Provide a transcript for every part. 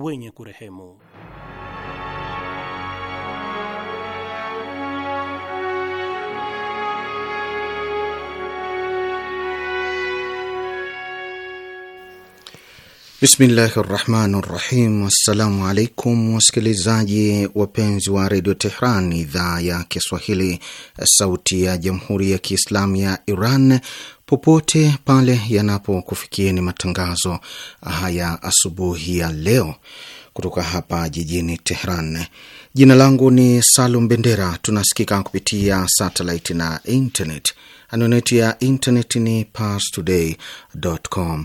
wenye kurehemu. Bismillahi rahmani rahim. Assalamu alaikum wasikilizaji wapenzi wa redio Tehran, idhaa ya Kiswahili, sauti ya jamhuri ya kiislamu ya Iran, popote pale yanapokufikieni matangazo haya asubuhi ya leo kutoka hapa jijini Tehran. Jina langu ni Salum Bendera. Tunasikika kupitia satellite na internet. Anwani ya internet ni parstoday.com/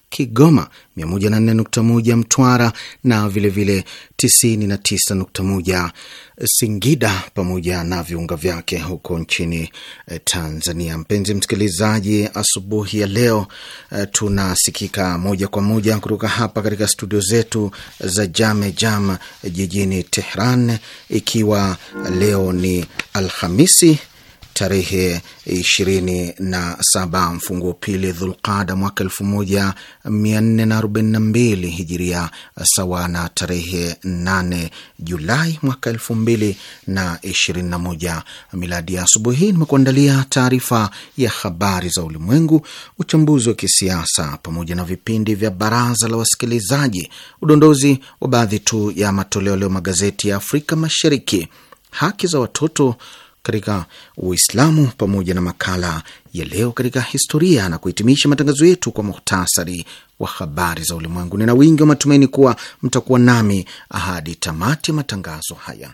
Kigoma, 104.1 Mtwara na vilevile 99.1 Singida pamoja na viunga vyake huko nchini eh, Tanzania. Mpenzi msikilizaji, asubuhi ya leo eh, tunasikika moja kwa moja kutoka hapa katika studio zetu za Jame Jam eh, jijini Tehran, ikiwa leo ni Alhamisi tarehe 27 mfunguo pili Dhulqada mwaka 1442 hijiria sawa na tarehe 8 Julai mwaka 2021 miladi. Ya asubuhi hii nimekuandalia taarifa ya habari za ulimwengu, uchambuzi wa kisiasa, pamoja na vipindi vya baraza la wasikilizaji, udondozi wa baadhi tu ya matoleo leo magazeti ya Afrika Mashariki, haki za watoto katika Uislamu pamoja na makala ya leo katika historia na kuhitimisha matangazo yetu kwa muhtasari wa habari za ulimwengu. Nina wingi wa matumaini kuwa mtakuwa nami ahadi tamati ya matangazo haya.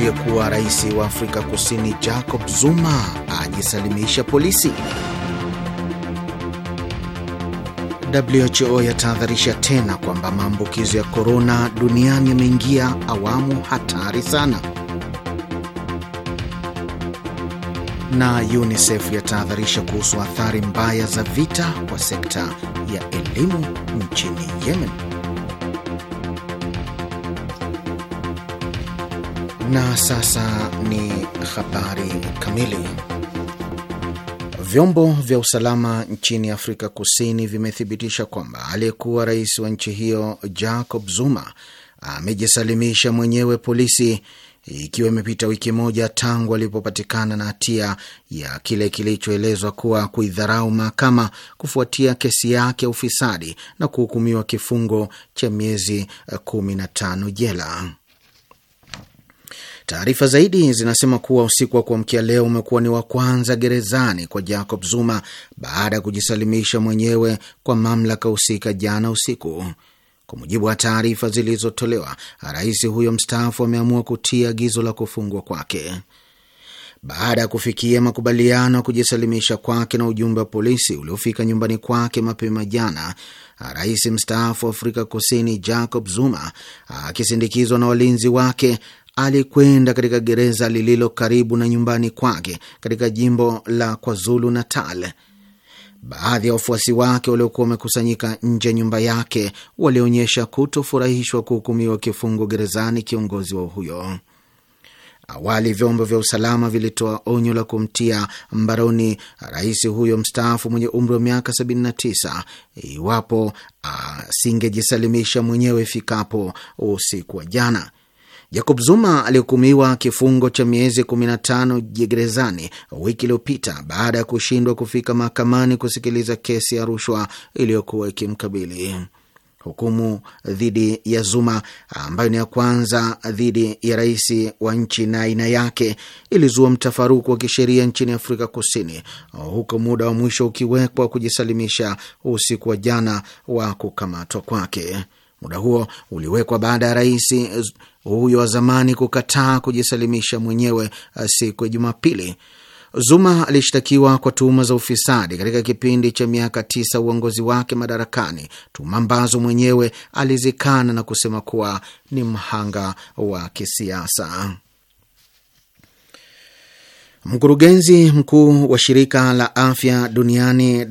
aliyekuwa rais wa Afrika Kusini Jacob Zuma ajisalimisha polisi. WHO yatahadharisha tena kwamba maambukizo ya korona duniani yameingia awamu hatari sana, na UNICEF yatahadharisha kuhusu athari mbaya za vita kwa sekta ya elimu nchini Yemen. Na sasa ni habari kamili. Vyombo vya usalama nchini Afrika Kusini vimethibitisha kwamba aliyekuwa rais wa nchi hiyo Jacob Zuma amejisalimisha mwenyewe polisi, ikiwa imepita wiki moja tangu alipopatikana na hatia ya kile kilichoelezwa kuwa kuidharau mahakama kufuatia kesi yake ya ufisadi na kuhukumiwa kifungo cha miezi 15 jela. Taarifa zaidi zinasema kuwa usiku wa kuamkia leo umekuwa ni wa kwanza gerezani kwa Jacob Zuma baada ya kujisalimisha mwenyewe kwa mamlaka husika jana usiku. Kwa mujibu wa taarifa zilizotolewa, rais huyo mstaafu ameamua kutia agizo la kufungwa kwake baada ya kufikia makubaliano ya kujisalimisha kwake na ujumbe wa polisi uliofika nyumbani kwake mapema jana. Rais mstaafu wa Afrika Kusini Jacob Zuma akisindikizwa na walinzi wake alikwenda katika gereza lililo karibu na nyumbani kwake katika jimbo la KwaZulu Natal. Baadhi ya wafuasi wake waliokuwa wamekusanyika nje ya nyumba yake walionyesha kutofurahishwa kuhukumiwa kifungo gerezani kiongozi wa huyo. Awali vyombo vya usalama vilitoa onyo la kumtia mbaroni rais huyo mstaafu mwenye umri wa miaka 79 iwapo asingejisalimisha mwenyewe ifikapo usiku wa jana. Jacob Zuma alihukumiwa kifungo cha miezi 15 jigerezani wiki iliyopita baada ya kushindwa kufika mahakamani kusikiliza kesi ya rushwa iliyokuwa ikimkabili. Hukumu dhidi ya Zuma ambayo ni ya kwanza dhidi ya rais wa nchi na aina yake ilizua mtafaruku wa kisheria nchini Afrika Kusini, huku muda wa mwisho ukiwekwa kujisalimisha usiku wa jana wa kukamatwa kwake. Muda huo uliwekwa baada ya rais huyo wa zamani kukataa kujisalimisha mwenyewe eh, siku ya Jumapili. Zuma alishtakiwa kwa tuhuma za ufisadi katika kipindi cha miaka tisa uongozi wake madarakani, tuhuma ambazo mwenyewe alizikana na kusema kuwa ni mhanga wa kisiasa. Mkurugenzi mkuu wa shirika la afya duniani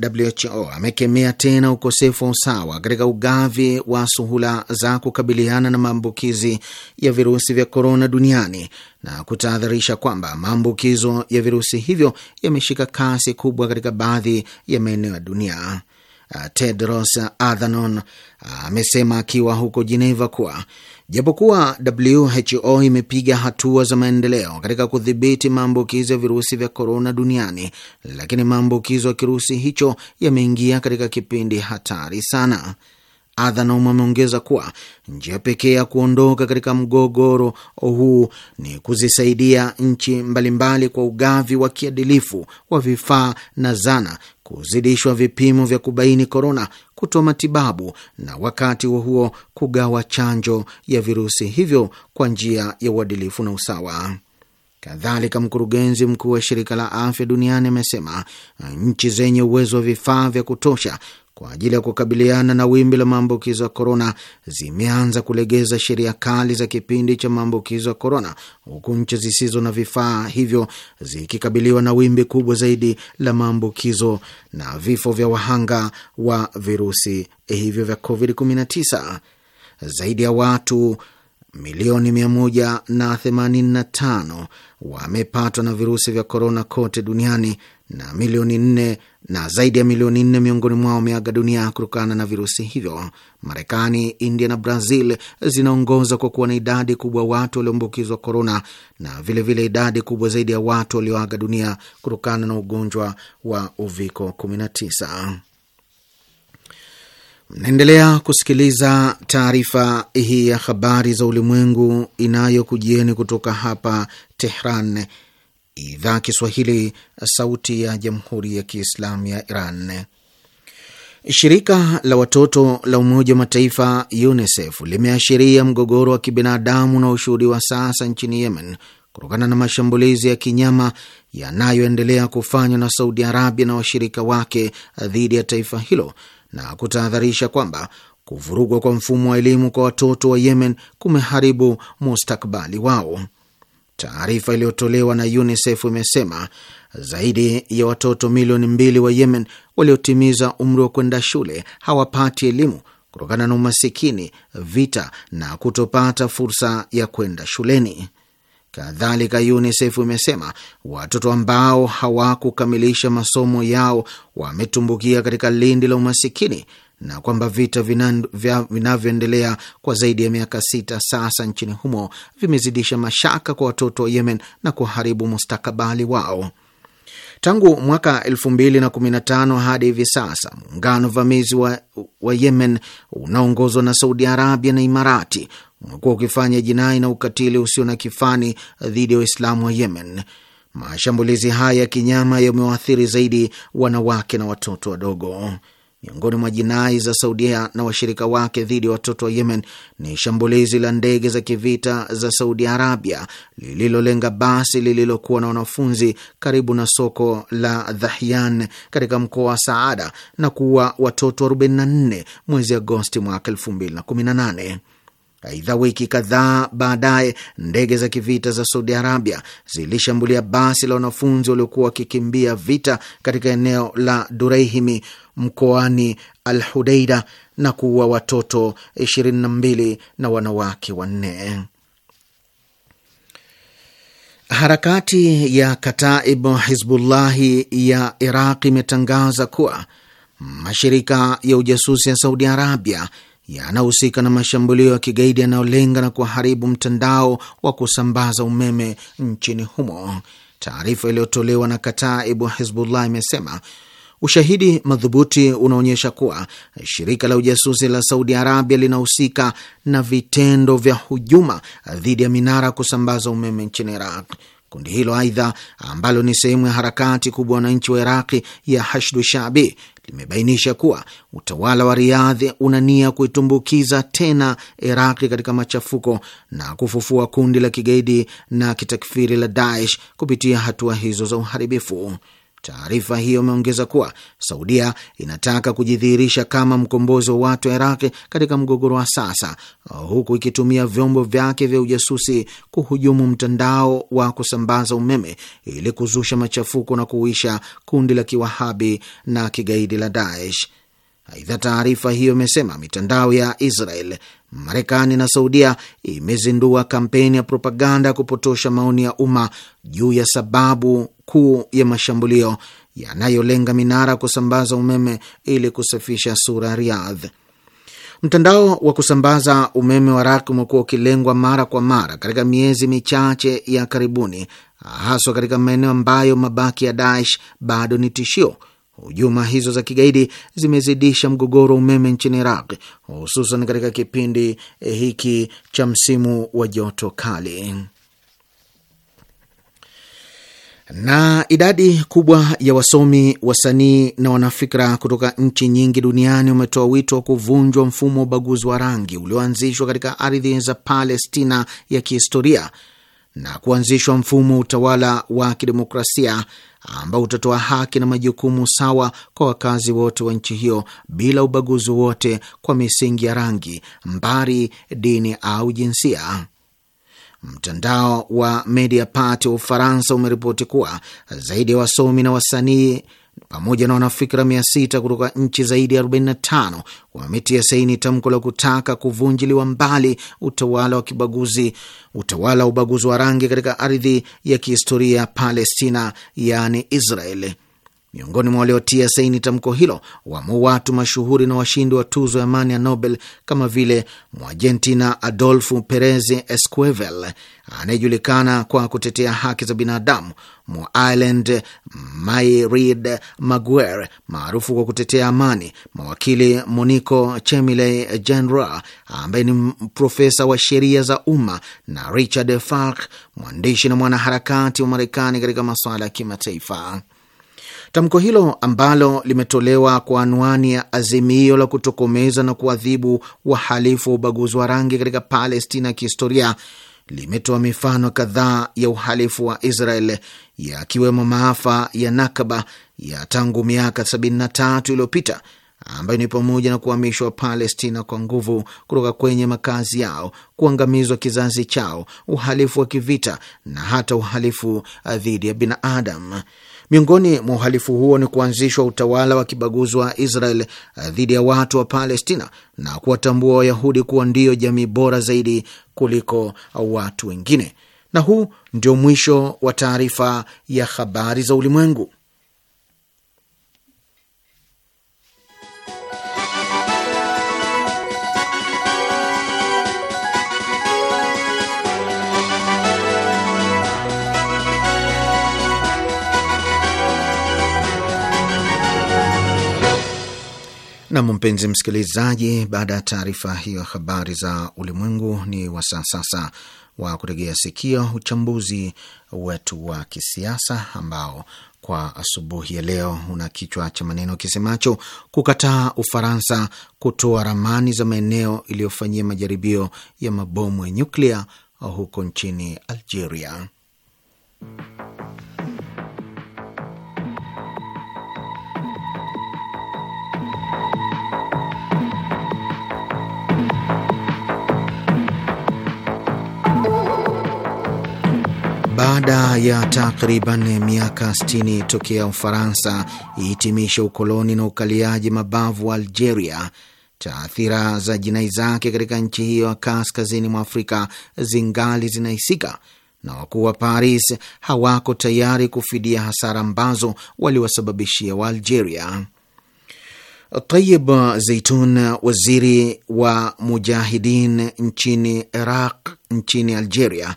WHO amekemea tena ukosefu wa usawa katika ugavi wa suhula za kukabiliana na maambukizi ya virusi vya korona duniani na kutahadharisha kwamba maambukizo ya virusi hivyo yameshika kasi kubwa katika baadhi ya maeneo ya dunia. Tedros Adhanom amesema akiwa huko Geneva kuwa Japokuwa WHO imepiga hatua za maendeleo katika kudhibiti maambukizi ya virusi vya korona duniani, lakini maambukizo ya kirusi hicho yameingia katika kipindi hatari sana. Adhanom ameongeza kuwa njia pekee ya kuondoka katika mgogoro huu ni kuzisaidia nchi mbalimbali kwa ugavi wa kiadilifu wa vifaa na zana, kuzidishwa vipimo vya kubaini korona, kutoa matibabu na wakati huo huo kugawa chanjo ya virusi hivyo kwa njia ya uadilifu na usawa. Kadhalika, mkurugenzi mkuu wa shirika la afya duniani amesema nchi zenye uwezo wa vifaa vya kutosha kwa ajili ya kukabiliana na wimbi la maambukizo ya korona zimeanza kulegeza sheria kali za kipindi cha maambukizo ya korona, huku nchi zisizo na vifaa hivyo zikikabiliwa na wimbi kubwa zaidi la maambukizo na vifo vya wahanga wa virusi hivyo vya COVID-19. Zaidi ya watu milioni 185 wamepatwa na virusi vya korona kote duniani na milioni 4 na zaidi ya milioni nne miongoni mwao wameaga dunia kutokana na virusi hivyo. Marekani, India na Brazil zinaongoza kwa kuwa na idadi kubwa watu walioambukizwa korona na vilevile vile idadi kubwa zaidi ya watu walioaga dunia kutokana na ugonjwa wa uviko 19. Mnaendelea kusikiliza taarifa hii ya habari za ulimwengu inayokujieni kutoka hapa Tehran, idhaa Kiswahili, sauti ya jamhuri ya kiislamu ya Iran. Shirika la watoto la Umoja wa Mataifa UNICEF limeashiria mgogoro wa kibinadamu unaoshuhudiwa sasa nchini Yemen kutokana na mashambulizi ya kinyama yanayoendelea kufanywa na Saudi Arabia na washirika wake dhidi ya taifa hilo na kutahadharisha kwamba kuvurugwa kwa mfumo wa elimu kwa watoto wa Yemen kumeharibu mustakbali wao. Taarifa iliyotolewa na UNICEF imesema zaidi ya watoto milioni mbili wa Yemen waliotimiza umri wa kwenda shule hawapati elimu kutokana na umasikini, vita na kutopata fursa ya kwenda shuleni. Kadhalika, UNICEF imesema watoto ambao hawakukamilisha masomo yao wametumbukia katika lindi la umasikini na kwamba vita vinavyoendelea kwa zaidi ya miaka sita sasa nchini humo vimezidisha mashaka kwa watoto wa Yemen na kuharibu mustakabali wao. Tangu mwaka 2015 hadi hivi sasa muungano vamizi wa, wa Yemen unaoongozwa na Saudi Arabia na Imarati umekuwa ukifanya jinai na ukatili usio na kifani dhidi ya Waislamu wa Yemen. Mashambulizi haya ya kinyama yamewaathiri zaidi wanawake na watoto wadogo. Miongoni mwa jinai za Saudia na washirika wake dhidi ya watoto wa Yemen ni shambulizi la ndege za kivita za Saudi Arabia lililolenga basi lililokuwa na wanafunzi karibu na soko la Dhahyan katika mkoa wa Saada na kuua watoto 44 mwezi Agosti mwaka 2018. Aidha, wiki kadhaa baadaye ndege za kivita za Saudi Arabia zilishambulia basi la wanafunzi waliokuwa wakikimbia vita katika eneo la duraihimi mkoani Al na kuua watoto 22 na wanawake wanne. Harakati ya Kataib Hizbullahi ya Iraq imetangaza kuwa mashirika ya ujasusi ya Saudi Arabia yanahusika na mashambulio ya kigaidi yanayolenga na kuharibu mtandao wa kusambaza umeme nchini humo. Taarifa iliyotolewa na Kataibu Hizbullah imesema Ushahidi madhubuti unaonyesha kuwa shirika la ujasusi la Saudi Arabia linahusika na vitendo vya hujuma dhidi ya minara kusambaza umeme nchini Iraq. Kundi hilo aidha, ambalo ni sehemu ya harakati kubwa wananchi wa Iraqi ya Hashdu Shabi, limebainisha kuwa utawala wa Riadhi una nia kuitumbukiza tena Iraqi katika machafuko na kufufua kundi la kigaidi na kitakfiri la Daesh kupitia hatua hizo za uharibifu. Taarifa hiyo imeongeza kuwa Saudia inataka kujidhihirisha kama mkombozi wa watu wa iraq katika mgogoro wa sasa, huku ikitumia vyombo vyake vya ujasusi kuhujumu mtandao wa kusambaza umeme ili kuzusha machafuko na kuuisha kundi la kiwahabi na kigaidi la Daesh. Aidha, taarifa hiyo imesema mitandao ya Israel, Marekani na Saudia imezindua kampeni ya propaganda ya kupotosha maoni ya umma juu ya sababu kuu ya mashambulio yanayolenga minara kusambaza umeme ili kusafisha sura ya Riyadh. Mtandao wa kusambaza umeme wa Iraq umekuwa ukilengwa mara kwa mara katika miezi michache ya karibuni, haswa katika maeneo ambayo mabaki ya Daesh bado ni tishio Hujuma hizo za kigaidi zimezidisha mgogoro wa umeme nchini Iraq, hususan katika kipindi eh, hiki cha msimu wa joto kali. Na idadi kubwa ya wasomi, wasanii na wanafikra kutoka nchi nyingi duniani wametoa wito wa kuvunjwa mfumo wa ubaguzi wa rangi ulioanzishwa katika ardhi za Palestina ya kihistoria na kuanzishwa mfumo wa utawala wa kidemokrasia ambao utatoa haki na majukumu sawa kwa wakazi wote wa nchi hiyo bila ubaguzi wote kwa misingi ya rangi, mbari, dini au jinsia. Mtandao wa Mediapart wa Ufaransa umeripoti kuwa zaidi ya wasomi na wasanii pamoja na wanafikira mia sita kutoka nchi zaidi ya 45 wametia saini tamko la kutaka kuvunjiliwa mbali utawala wa kibaguzi, utawala wa ubaguzi wa rangi katika ardhi ya kihistoria ya Palestina, yaani Israeli. Miongoni mwa waliotia saini tamko hilo wamo watu mashuhuri na washindi wa tuzo ya amani ya Nobel kama vile Mwargentina Adolfo Perez Esquivel anayejulikana kwa kutetea haki za binadamu, Muireland myrid Maguire maarufu kwa kutetea amani, mawakili Monico chemiley Genra ambaye ni profesa wa sheria za umma, na Richard Falk, mwandishi na mwanaharakati wa Marekani katika masuala ya kimataifa. Tamko hilo ambalo limetolewa kwa anwani ya azimio la kutokomeza na kuadhibu wahalifu wa ubaguzi wa rangi katika Palestina ya kihistoria limetoa mifano kadhaa ya uhalifu wa Israel yakiwemo maafa ya Nakba ya tangu miaka 73 iliyopita ambayo ni pamoja na kuhamishwa palestina kwa nguvu kutoka kwenye makazi yao, kuangamizwa kizazi chao, uhalifu wa kivita na hata uhalifu uh, dhidi ya binadamu. Miongoni mwa uhalifu huo ni kuanzishwa utawala wa kibaguzi wa Israel eh, dhidi ya watu wa Palestina na kuwatambua Wayahudi kuwa ndiyo jamii bora zaidi kuliko watu wengine. Na huu ndio mwisho wa taarifa ya habari za ulimwengu. Nam, mpenzi msikilizaji, baada ya taarifa hiyo habari za ulimwengu, ni wasaa sasa wa kutegea sikio uchambuzi wetu wa kisiasa ambao kwa asubuhi ya leo una kichwa cha maneno kisemacho kukataa Ufaransa kutoa ramani za maeneo iliyofanyia majaribio ya mabomu ya nyuklia huko nchini Algeria. Baada ya takriban miaka 60 tokea Ufaransa ihitimisha ukoloni na ukaliaji mabavu wa Algeria, taathira za jinai zake katika nchi hiyo ya kaskazini mwa Afrika zingali zinahisika na wakuu wa Paris hawako tayari kufidia hasara ambazo waliwasababishia Waalgeria. Tayib Zeitun, waziri wa mujahidin nchini Iraq nchini Algeria,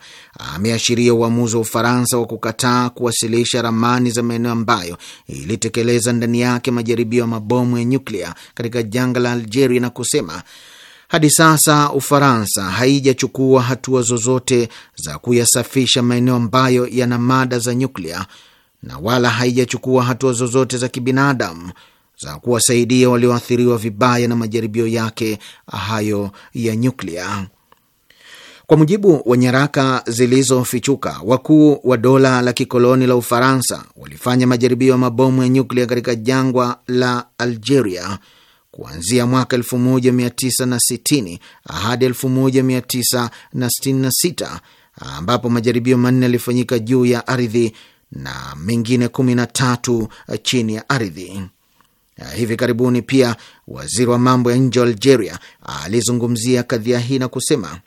ameashiria uamuzi wa Ufaransa wa kukataa kuwasilisha ramani za maeneo ambayo ilitekeleza ndani yake majaribio ya mabomu ya nyuklia katika janga la Algeria na kusema hadi sasa Ufaransa haijachukua hatua zozote za kuyasafisha maeneo ambayo yana mada za nyuklia na wala haijachukua hatua zozote za kibinadamu za kuwasaidia walioathiriwa vibaya na majaribio yake hayo ya nyuklia. Kwa mujibu wa nyaraka zilizofichuka, wakuu wa dola la kikoloni la Ufaransa walifanya majaribio ya mabomu ya nyuklia katika jangwa la Algeria kuanzia mwaka 1960 hadi 1966 ambapo majaribio manne yalifanyika juu ya ardhi na mengine 13 chini ya ardhi. Hivi karibuni pia waziri wa mambo ya nje wa Algeria alizungumzia kadhia hii na kusema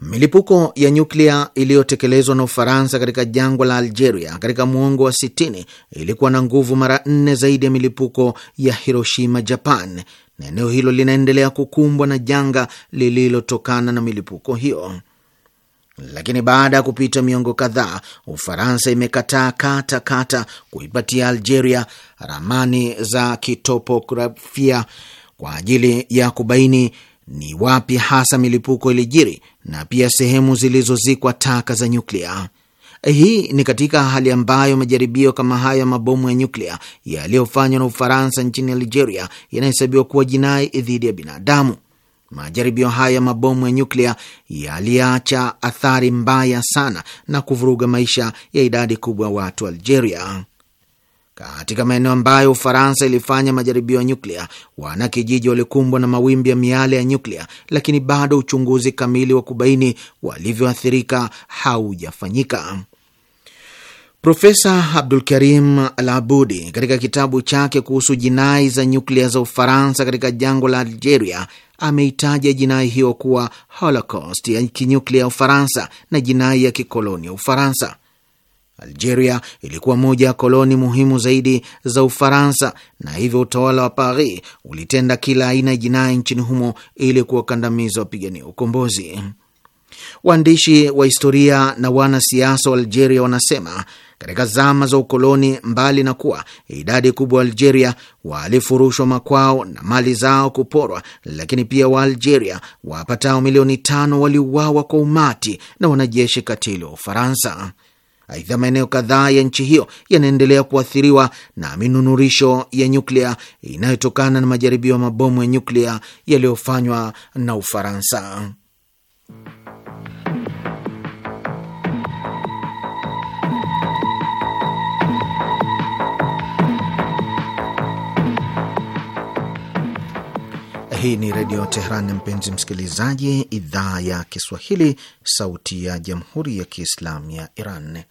milipuko ya nyuklia iliyotekelezwa na Ufaransa katika jangwa la Algeria katika mwongo wa 60 ilikuwa na nguvu mara nne zaidi ya milipuko ya Hiroshima, Japan, na eneo hilo linaendelea kukumbwa na janga lililotokana na milipuko hiyo. Lakini baada ya kupita miongo kadhaa, Ufaransa imekataa kata kata kuipatia Algeria ramani za kitopografia kwa ajili ya kubaini ni wapi hasa milipuko ilijiri na pia sehemu zilizozikwa taka za nyuklia. Hii ni katika hali ambayo majaribio kama hayo ya mabomu ya nyuklia yaliyofanywa na Ufaransa nchini Algeria yanahesabiwa kuwa jinai dhidi ya binadamu. Majaribio haya mabomu ya nyuklia yaliacha athari mbaya sana na kuvuruga maisha ya idadi kubwa ya watu Algeria. Katika maeneo ambayo Ufaransa ilifanya majaribio ya nyuklia, wanakijiji walikumbwa na mawimbi ya miale ya nyuklia, lakini bado uchunguzi kamili wa kubaini walivyoathirika haujafanyika. Profesa Abdul Karim Al Abudi katika kitabu chake kuhusu jinai za nyuklia za Ufaransa katika jangwa la Algeria ameitaja jinai hiyo kuwa Holocaust ya kinyuklia ya Ufaransa na jinai ya kikoloni ya Ufaransa. Algeria ilikuwa moja ya koloni muhimu zaidi za Ufaransa na hivyo utawala wa Paris ulitenda kila aina ya jinai nchini humo ili kuwakandamiza wapigania ukombozi. Waandishi wa historia na wanasiasa wa Algeria wanasema katika zama za ukoloni, mbali na kuwa idadi kubwa wa Algeria walifurushwa makwao na mali zao kuporwa, lakini pia Waalgeria wapatao milioni tano waliuawa kwa umati na wanajeshi katili wa Ufaransa. Aidha, maeneo kadhaa ya nchi hiyo yanaendelea kuathiriwa na minunurisho ya nyuklia inayotokana na majaribio ya mabomu ya nyuklia yaliyofanywa na Ufaransa. Hii ni Redio Teheran, mpenzi msikilizaji, idhaa ya Kiswahili, sauti ya Jamhuri ya Kiislamu ya Iran.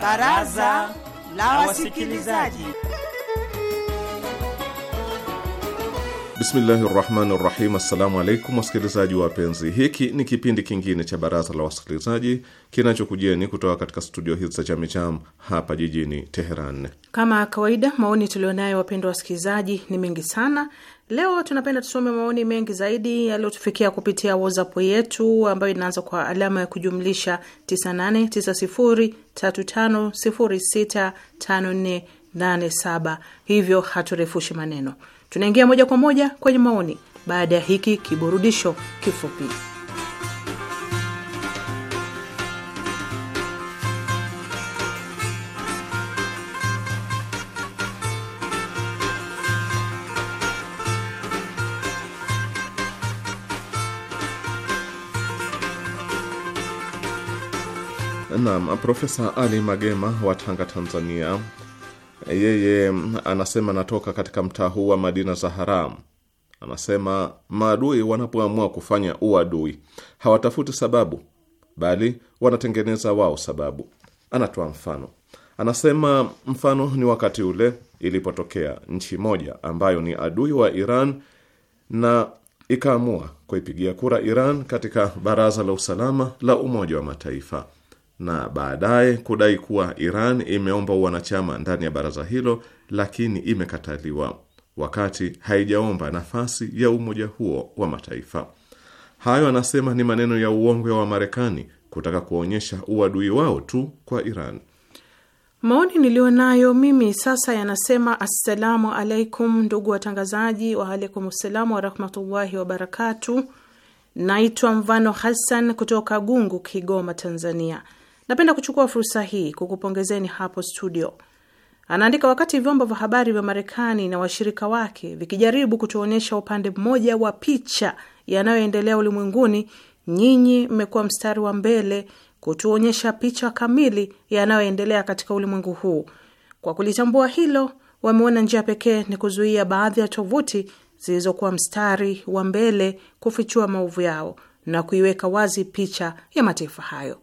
Baraza la Wasikilizaji. Bismillahi rahmani rahim. Assalamu alaikum wasikilizaji wapenzi, hiki ni kipindi kingine cha baraza la wasikilizaji kinachokujieni kutoka katika studio hizi za Chamicham hapa jijini Teheran. Kama kawaida, maoni tulionayo wapendwa wasikilizaji ni mengi sana. Leo tunapenda tusome maoni mengi zaidi yaliyotufikia kupitia WhatsApp yetu ambayo inaanza kwa alama ya kujumlisha 989035065487. Hivyo haturefushi maneno Tunaingia moja kwa moja kwenye maoni baada ya hiki kiburudisho kifupi. Naam, Profesa Ali Magema wa Tanga, Tanzania yeye mm, anasema anatoka katika mtaa huu wa Madina za haramu. Anasema maadui wanapoamua kufanya uadui hawatafuti sababu, bali wanatengeneza wao sababu. Anatoa mfano, anasema mfano ni wakati ule ilipotokea nchi moja ambayo ni adui wa Iran na ikaamua kuipigia kura Iran katika Baraza la Usalama la Umoja wa Mataifa na baadaye kudai kuwa Iran imeomba wanachama ndani ya baraza hilo, lakini imekataliwa wakati haijaomba nafasi ya umoja huo wa mataifa. Hayo anasema ni maneno ya uongo wa Marekani kutaka kuonyesha uadui wao tu kwa Iran. Maoni niliyo nayo mimi sasa yanasema: assalamu alaikum, ndugu watangazaji. Waalaikum ssalamu warahmatullahi wabarakatu. Naitwa Mvano Hassan kutoka Gungu, Kigoma, Tanzania. Napenda kuchukua fursa hii kukupongezeni hapo studio. Anaandika, wakati vyombo vya habari vya Marekani na washirika wake vikijaribu kutuonyesha upande mmoja wa picha yanayoendelea ulimwenguni, nyinyi mmekuwa mstari wa mbele kutuonyesha picha kamili yanayoendelea katika ulimwengu huu. Kwa kulitambua hilo, wameona njia pekee ni kuzuia baadhi ya tovuti zilizokuwa mstari wa mbele kufichua maovu yao na kuiweka wazi picha ya mataifa hayo.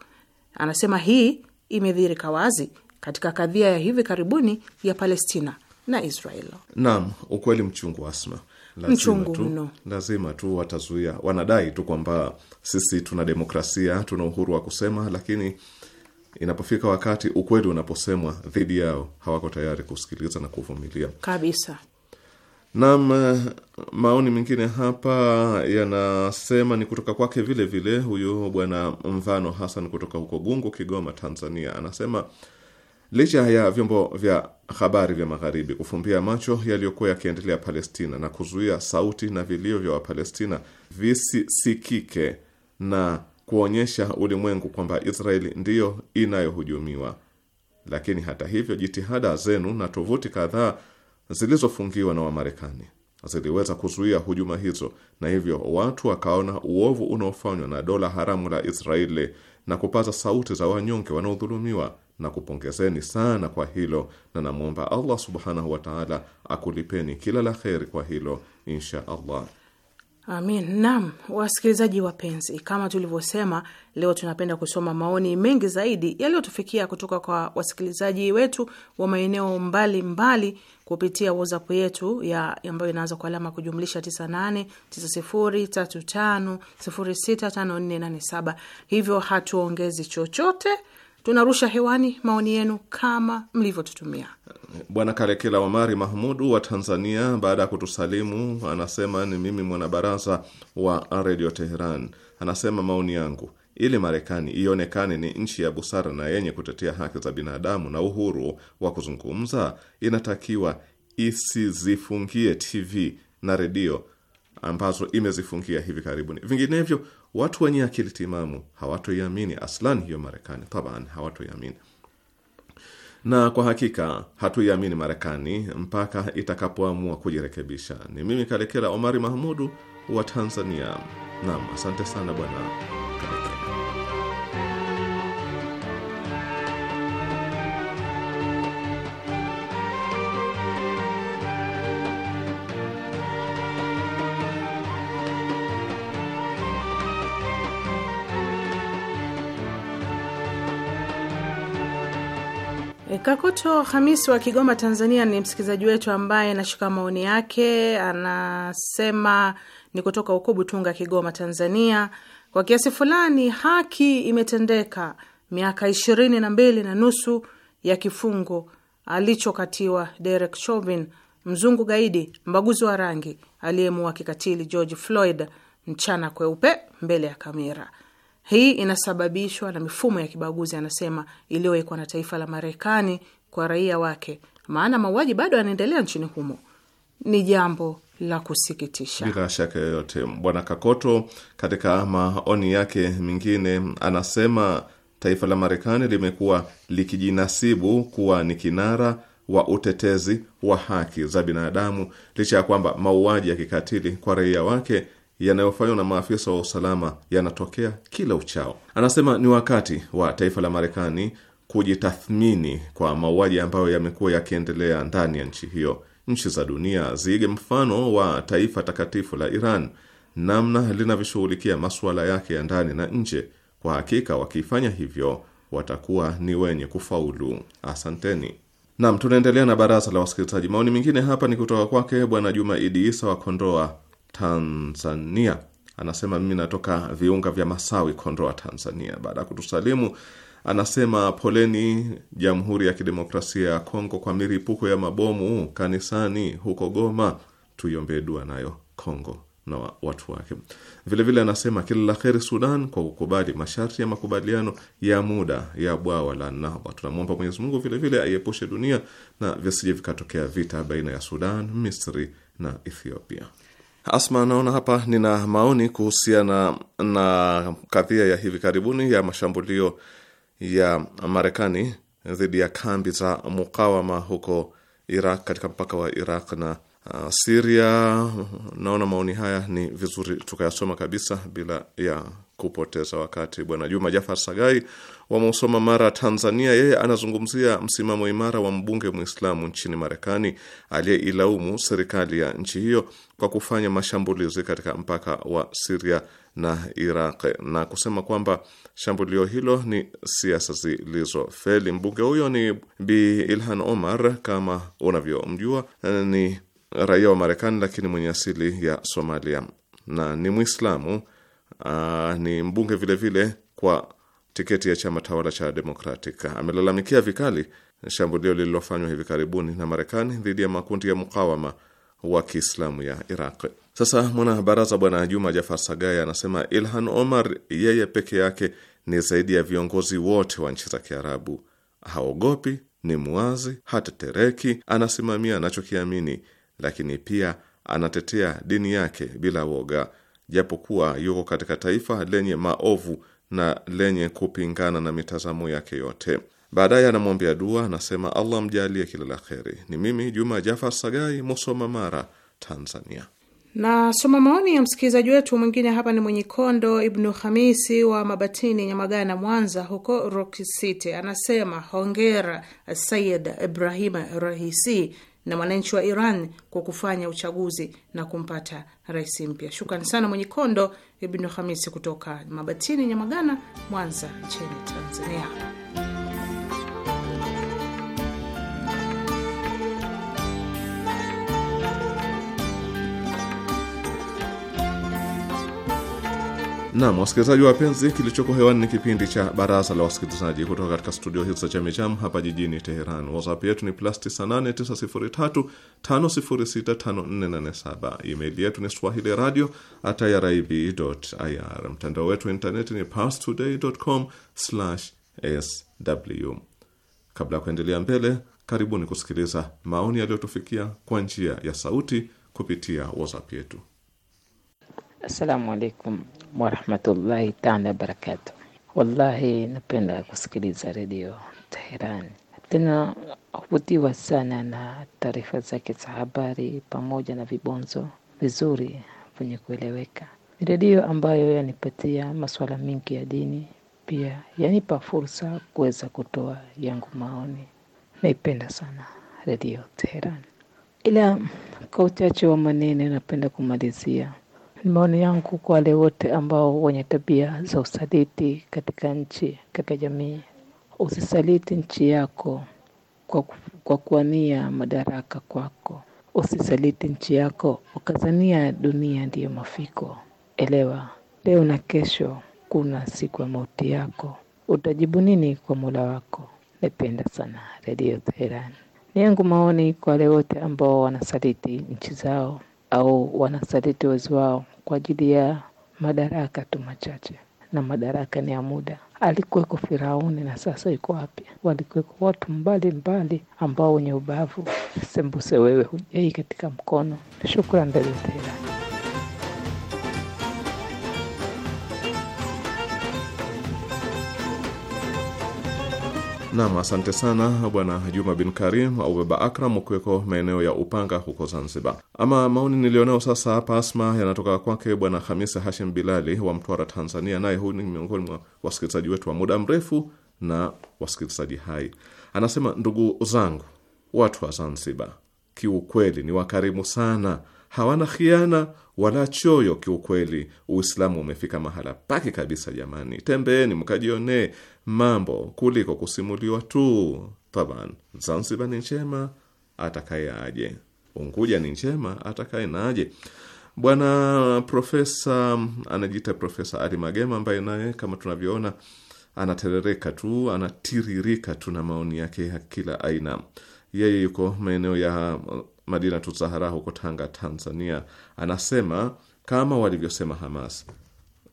Anasema hii imedhihirika wazi katika kadhia ya hivi karibuni ya Palestina na Israel. Naam, ukweli mchungu Asma, mchungu tu, mno. Lazima tu watazuia, wanadai tu kwamba sisi tuna demokrasia, tuna uhuru wa kusema, lakini inapofika wakati ukweli unaposemwa dhidi yao hawako tayari kusikiliza na kuvumilia kabisa. Naam, eh, maoni mengine hapa yanasema ni kutoka kwake vile vile huyu bwana Mvano Hassan kutoka huko Gungu, Kigoma, Tanzania, anasema licha ya vyombo vya habari vya magharibi kufumbia macho yaliyokuwa yakiendelea Palestina na kuzuia sauti na vilio vya Wapalestina visisikike na kuonyesha ulimwengu kwamba Israeli ndiyo inayohujumiwa, lakini hata hivyo jitihada zenu na tovuti kadhaa zilizofungiwa na Wamarekani ziliweza kuzuia hujuma hizo, na hivyo watu wakaona uovu unaofanywa na dola haramu la Israeli na kupaza sauti za wanyonge wanaodhulumiwa. Na kupongezeni sana kwa hilo, na namwomba Allah subhanahu wataala akulipeni kila la kheri kwa hilo, insha Allah. Amin. Naam, wasikilizaji wapenzi, kama tulivyosema, leo tunapenda kusoma maoni mengi zaidi yaliyotufikia kutoka kwa wasikilizaji wetu wa maeneo mbalimbali kupitia WhatsApp yetu ya ambayo inaanza kwa alama kujumlisha 989035065487. Hivyo hatuongezi chochote tunarusha hewani maoni yenu kama mlivyotutumia. Bwana Kalekela Omari Mahmudu wa Tanzania, baada ya kutusalimu, anasema ni mimi mwanabaraza wa redio Teheran. Anasema maoni yangu, ili Marekani ionekane ni nchi ya busara na yenye kutetea haki za binadamu na uhuru wa kuzungumza, inatakiwa isizifungie TV na redio ambazo imezifungia hivi karibuni. Vinginevyo watu wenye akili timamu hawatoiamini aslan hiyo Marekani, taban hawatoiamini na kwa hakika hatuiamini Marekani mpaka itakapoamua kujirekebisha. Ni mimi Kalekela Omari Mahmudu wa Tanzania. Naam, asante sana bwana. Kakoto Hamisi wa Kigoma, Tanzania, ni msikilizaji wetu ambaye nashika maoni yake. Anasema ni kutoka huko Butunga, Kigoma, Tanzania. Kwa kiasi fulani haki imetendeka, miaka ishirini na mbili na nusu ya kifungo alichokatiwa Derek Chauvin, mzungu gaidi, mbaguzi wa rangi, aliyemuua kikatili George Floyd mchana kweupe mbele ya kamera. Hii inasababishwa na mifumo ya kibaguzi, anasema, iliyowekwa na taifa la Marekani kwa raia wake, maana mauaji bado yanaendelea nchini humo. Ni jambo la kusikitisha bila shaka yoyote. Bwana Kakoto katika maoni yake mingine anasema taifa la Marekani limekuwa likijinasibu kuwa ni kinara wa utetezi wa haki za binadamu licha ya kwamba mauaji ya kikatili kwa raia wake yanayofanywa na maafisa wa usalama yanatokea kila uchao. Anasema ni wakati wa taifa la Marekani kujitathmini kwa mauaji ambayo yamekuwa yakiendelea ndani ya nchi hiyo. Nchi za dunia ziige mfano wa taifa takatifu la Iran, namna linavyoshughulikia masuala yake ya ndani na nje. Kwa hakika wakifanya hivyo watakuwa ni wenye kufaulu. Asanteni. Nam, tunaendelea na baraza la wasikilizaji. Maoni mengine hapa ni kutoka kwake Bwana Juma Idi Isa wa Kondoa Tanzania. Anasema mimi natoka viunga vya Masawi, Kondoa, Tanzania. Baada ya kutusalimu, anasema poleni Jamhuri ya Kidemokrasia ya Kongo kwa miripuko ya mabomu kanisani huko Goma, tuiombee dua nayo Kongo na watu wake. Vilevile vile anasema kila la Sudan kwa kukubali masharti ya makubaliano ya muda ya bwawa la Nahda. Tunamwomba Mwenyezi Mungu vilevile aiepushe dunia na visije vikatokea vita baina ya Sudan, Misri na Ethiopia. Asma, naona hapa nina maoni kuhusiana na, na kadhia ya hivi karibuni ya mashambulio ya Marekani dhidi ya kambi za mukawama huko Iraq, katika mpaka wa Iraq na uh, Siria. Naona maoni haya ni vizuri tukayasoma kabisa bila ya kupoteza wakati. Bwana Juma Jafar Sagai wa Musoma, Mara, Tanzania, yeye anazungumzia msimamo imara wa mbunge Mwislamu nchini Marekani aliyeilaumu serikali ya nchi hiyo kwa kufanya mashambulizi katika mpaka wa Siria na Iraq na kusema kwamba shambulio hilo ni siasa zilizofeli. Mbunge huyo ni Bi Ilhan Omar, kama unavyomjua ni raia wa Marekani lakini mwenye asili ya Somalia na ni Mwislamu. Ah, ni mbunge vilevile vile kwa tiketi ya chama tawala cha Democratic. Amelalamikia vikali shambulio lililofanywa hivi karibuni na Marekani dhidi ya makundi ya mukawama wa Kiislamu ya Iraq. Sasa mwanabaraza Bwana Juma Jafar Sagai anasema Ilhan Omar yeye peke yake ni zaidi ya viongozi wote wa nchi za Kiarabu. Haogopi, ni mwazi, hatetereki, anasimamia anachokiamini, lakini pia anatetea dini yake bila woga, japokuwa yuko katika taifa lenye maovu na lenye kupingana na mitazamo yake yote. Baadaye anamwombea dua, anasema Allah mjalie kila la kheri. Ni mimi Juma Jafar Sagai, Musoma, Mara, Tanzania. Na soma maoni ya msikilizaji wetu mwingine hapa. Ni mwenye kondo Ibnu Hamisi wa Mabatini, Nyamagana, Mwanza, huko Rock City. Anasema hongera Sayid Ibrahim Rahisi na mwananchi wa Iran kwa kufanya uchaguzi na kumpata rais mpya. Shukrani sana mwenye kondo Ibnu Hamisi kutoka Mabatini, Nyamagana, Mwanza nchini Tanzania. Nam wasikilizaji wapenzi, kilichoko hewani ni kipindi cha baraza la wasikilizaji kutoka katika studio hizi za Chamicham hapa jijini Teheran. WhatsApp yetu ni plus 989035065487. Email yetu ni swahili radio at irib ir. Mtandao wetu wa intaneti ni parstoday.com sw. Kabla ya kuendelea mbele, karibuni kusikiliza maoni yaliyotufikia kwa njia ya sauti kupitia WhatsApp yetu. Assalamu alaikum warahmatullahi taala barakatu. Wallahi napenda kusikiliza redio teheran tena huvutiwa sana na taarifa zake za habari pamoja na vibonzo vizuri vyenye kueleweka. Ni redio ambayo yanipatia masuala mengi ya dini, pia yanipa fursa kuweza kutoa yangu maoni. Naipenda sana redio teheran ila kwa uchache wa maneno napenda kumalizia ni maoni yangu kwa wale wote ambao wenye tabia za usaliti katika nchi, katika jamii. Usisaliti nchi yako kwa, kwa kuania madaraka kwako. Usisaliti nchi yako ukazania dunia ndiyo mafiko. Elewa leo na kesho, kuna siku ya mauti yako. Utajibu nini kwa Mola wako? Napenda sana Radio Teheran. Ni yangu maoni kwa wale wote ambao wanasaliti nchi zao au wanasaliti wezi wao kwa ajili ya madaraka tu machache, na madaraka ni ya muda. Alikuweko Firauni na sasa yuko wapi? Walikuweko watu mbalimbali mbali ambao wenye ubavu. Sembuse wewe hujai katika mkono. Shukrani dalila Nam, asante sana Bwana Juma bin Karim au Baba Akram ukiweko maeneo ya Upanga huko Zanzibar. Ama maoni nilionao sasa hapa Asma yanatoka kwake Bwana hamis Hashim Bilali wa Mtwara, Tanzania. Naye huyu ni miongoni mwa wasikilizaji wetu wa muda mrefu na wasikilizaji hai. Anasema, ndugu zangu, watu wa Zanzibar kiukweli ni wakarimu sana hawana khiana wala choyo. Kiukweli Uislamu umefika mahala pake kabisa. Jamani, tembeeni mkajionee mambo kuliko kusimuliwa tu. Taban, Zanzibar ni njema atakaye aje, Unguja ni njema atakaye naje? Bwana Profesa anajiita Profesa Ali Magema, ambaye naye kama tunavyoona anaterereka tu, anatiririka tu na maoni yake ya kila aina. Yeye yuko maeneo ya Madina Tuzahara huko Tanga, Tanzania, anasema kama walivyosema Hamas,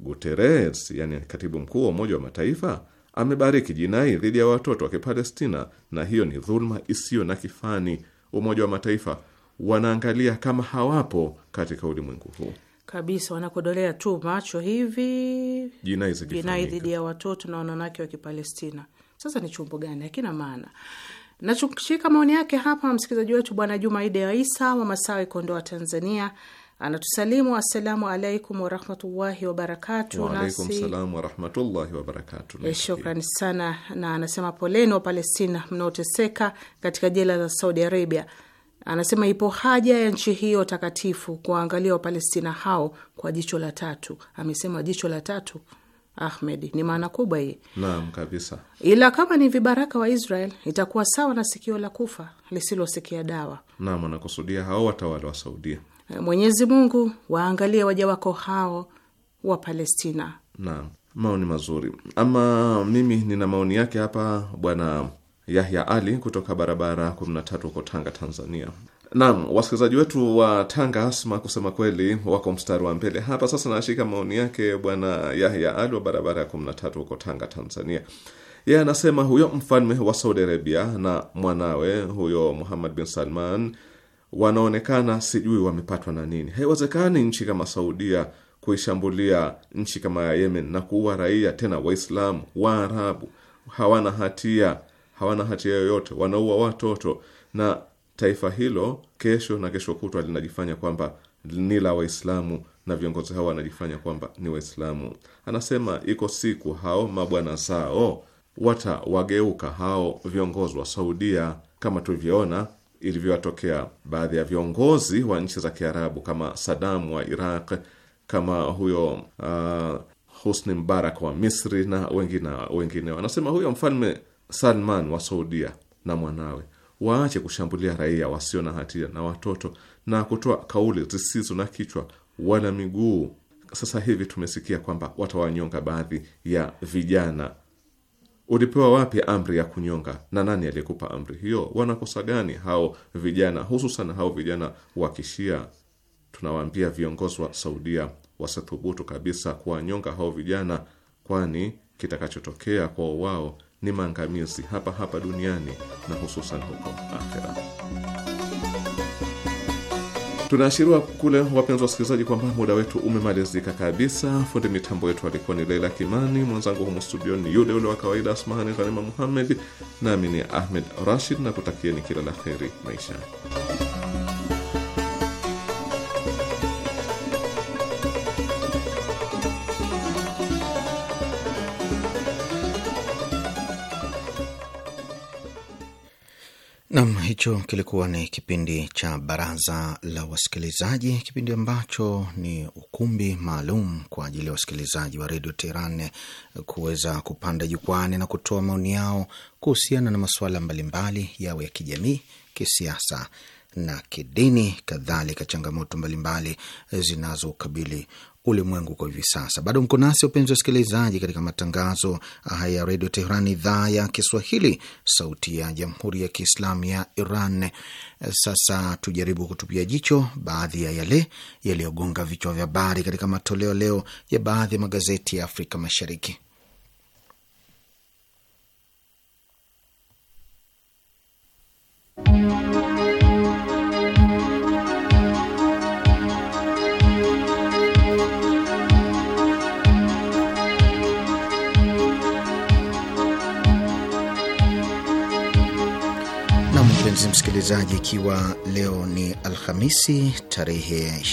Guterres, yani katibu mkuu wa Umoja wa Mataifa, amebariki jinai dhidi ya watoto wa Kipalestina, na hiyo ni dhuluma isiyo na kifani. Umoja wa Mataifa wanaangalia kama hawapo katika ulimwengu huu kabisa, wanakodolea tu macho hivi jinai dhidi ya watoto na wanawake wa Kipalestina. Sasa ni chumbo gani? Hakina maana. Nachushika maoni yake hapa. Msikilizaji wetu Bwana Juma Ide Isa wa Masawi, Kondoa, Tanzania, anatusalimu assalamu alaikum warahmatullahi wabarakatu. Waalaikum salam warahmatullahi wabarakatu. Eh, shukrani sana, na anasema poleni wa Palestina mnaoteseka katika jela za Saudi Arabia. Anasema ipo haja ya nchi hiyo takatifu kuwaangalia Wapalestina hao kwa jicho la tatu. Amesema jicho la tatu Ahmed, ni maana kubwa hii. Naam, kabisa. Ila kama ni vibaraka wa Israel itakuwa sawa na sikio la kufa lisilosikia dawa. Naam, anakusudia hao watawala wa Saudia. Eh, Mwenyezi Mungu waangalie waja wako hao wa Palestina. Naam, maoni mazuri. Ama mimi nina maoni yake hapa bwana Yahya Ali kutoka barabara 13 huko Tanga, Tanzania. Naam, wasikilizaji wetu wa Tanga Asma, kusema kweli, wako mstari wa mbele hapa. Sasa nashika maoni yake Bwana Yahya Ali wa barabara ya kumi na tatu huko Tanga, Tanzania. Yeye anasema huyo mfalme wa Saudi Arabia na mwanawe huyo Muhammad bin Salman wanaonekana sijui wamepatwa na nini. Haiwezekani nchi kama Saudia kuishambulia nchi kama ya Yemen na kuua raia, tena Waislamu, Waarabu, hawana hatia, hawana hatia yoyote, wanaua watoto na taifa hilo kesho na kesho kutwa linajifanya kwamba ni la Waislamu na viongozi hao wanajifanya kwamba ni Waislamu. Anasema iko siku hao mabwana zao watawageuka hao viongozi wa Saudia, kama tulivyoona ilivyowatokea baadhi ya viongozi wa nchi za Kiarabu kama Sadamu wa Iraq, kama huyo uh, Husni Mbarak wa Misri na wengine wengineo. Anasema huyo mfalme Salman wa Saudia na mwanawe waache kushambulia raia wasio na hatia na watoto na kutoa kauli zisizo na kichwa wala miguu. Sasa hivi tumesikia kwamba watawanyonga baadhi ya vijana. Ulipewa wapi amri ya kunyonga, na nani aliyekupa amri hiyo? Wanakosa gani hao vijana, hususan hao vijana wa Kishia? Tunawaambia viongozi wa Saudia wasithubutu kabisa kuwanyonga hao vijana, kwani kitakachotokea kwao wao ni maangamizi hapa hapa duniani na hususan huko akhera. Tunaashiriwa kule, wapenzi wasikilizaji, kwamba muda wetu umemalizika kabisa. Fundi mitambo yetu alikuwa ni Leila Kimani, mwenzangu humu ni yule ule wa kawaida Asmahani Ghanima Muhammed, nami ni Ahmed Rashid na kutakieni kila la heri maisha hicho kilikuwa ni kipindi cha Baraza la Wasikilizaji, kipindi ambacho ni ukumbi maalum kwa ajili ya wasikilizaji wa Redio Teheran kuweza kupanda jukwani na kutoa maoni yao kuhusiana na masuala mbalimbali yawe ya kijamii, kisiasa na kidini, kadhalika changamoto mbalimbali zinazoukabili ulimwengu kwa hivi sasa. Bado mko nasi, upenzi wa usikilizaji katika matangazo haya ya Redio Teheran, idhaa ya Kiswahili, sauti ya jamhuri ya kiislamu ya Iran. Sasa tujaribu kutupia jicho baadhi ya yale yaliyogonga vichwa vya habari katika matoleo leo ya baadhi ya magazeti ya Afrika Mashariki. msikilizaji, ikiwa leo ni Alhamisi tarehe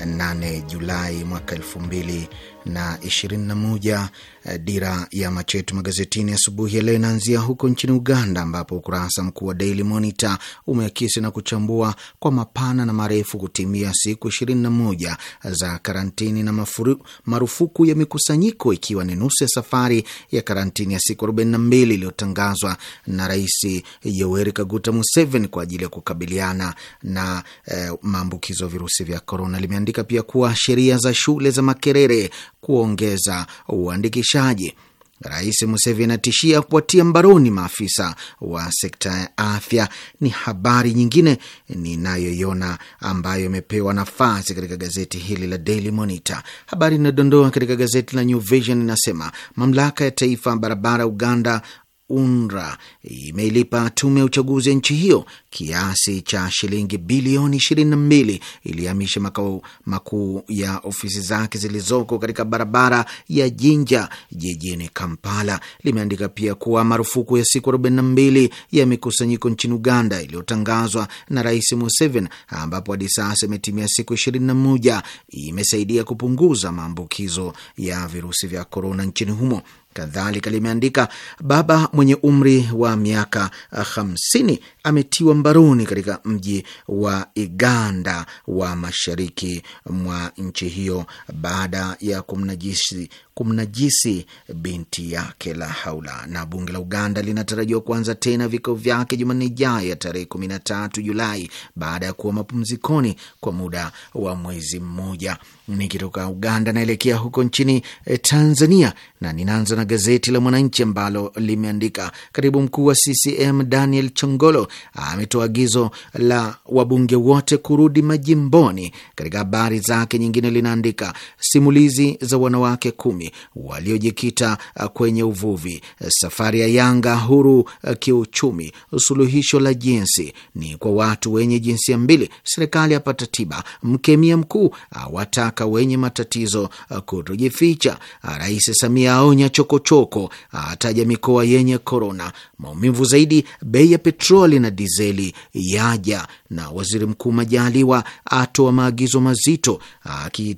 8 Julai mwaka elfu mbili na 21. Eh, dira ya machetu magazetini asubuhi ya leo inaanzia huko nchini Uganda, ambapo ukurasa mkuu wa Daily Monitor umeakisi na kuchambua kwa mapana na marefu kutimia siku 21 za karantini na mafuru, marufuku ya mikusanyiko, ikiwa ni nusu ya safari ya karantini ya siku 42 iliyotangazwa na Rais Yoweri Kaguta Museveni kwa ajili ya kukabiliana na eh, maambukizo ya virusi vya korona. Limeandika pia kuwa sheria za shule za Makerere kuongeza uandikishaji. Rais Museveni atishia kuwatia mbaroni maafisa wa sekta ya afya. Ni habari nyingine ninayoiona ambayo imepewa nafasi katika gazeti hili la Daily Monitor. Habari inayodondoa katika gazeti la New Vision inasema mamlaka ya taifa barabara Uganda UNRA imeilipa tume ya uchaguzi ya nchi hiyo kiasi cha shilingi bilioni 22 ili makao makuu ya ofisi zake zilizoko katika barabara ya Jinja jijini Kampala. Limeandika pia kuwa marufuku ya siku 42 ya mikusanyiko nchini Uganda iliyotangazwa na Rais Museveni, ambapo hadi sasa imetimia siku 21, imesaidia kupunguza maambukizo ya virusi vya korona nchini humo. Kadhalika limeandika baba mwenye umri wa miaka hamsini ametiwa mbaroni katika mji wa Iganda wa mashariki mwa nchi hiyo baada ya kumnajisi kumnajisi binti yake. La haula! Na bunge la Uganda linatarajiwa kuanza tena vikao vyake Jumanne ijayo ya tarehe kumi na tatu Julai baada ya kuwa mapumzikoni kwa muda wa mwezi mmoja. Nikitoka Uganda naelekea huko nchini eh, Tanzania na ninaanza na gazeti la Mwananchi ambalo limeandika katibu mkuu wa CCM Daniel Chongolo ametoa agizo la wabunge wote kurudi majimboni. Katika habari zake nyingine linaandika simulizi za wanawake kumi waliojikita kwenye uvuvi, safari ya Yanga huru kiuchumi, suluhisho la jinsi ni kwa watu wenye jinsia mbili, serikali yapata tiba, mkemia mkuu awataka wenye matatizo kutojificha, Rais Samia aonya chokochoko, ataja mikoa yenye korona, maumivu zaidi, bei ya petroli na na dizeli yaja, na waziri mkuu Majaliwa atoa maagizo mazito aki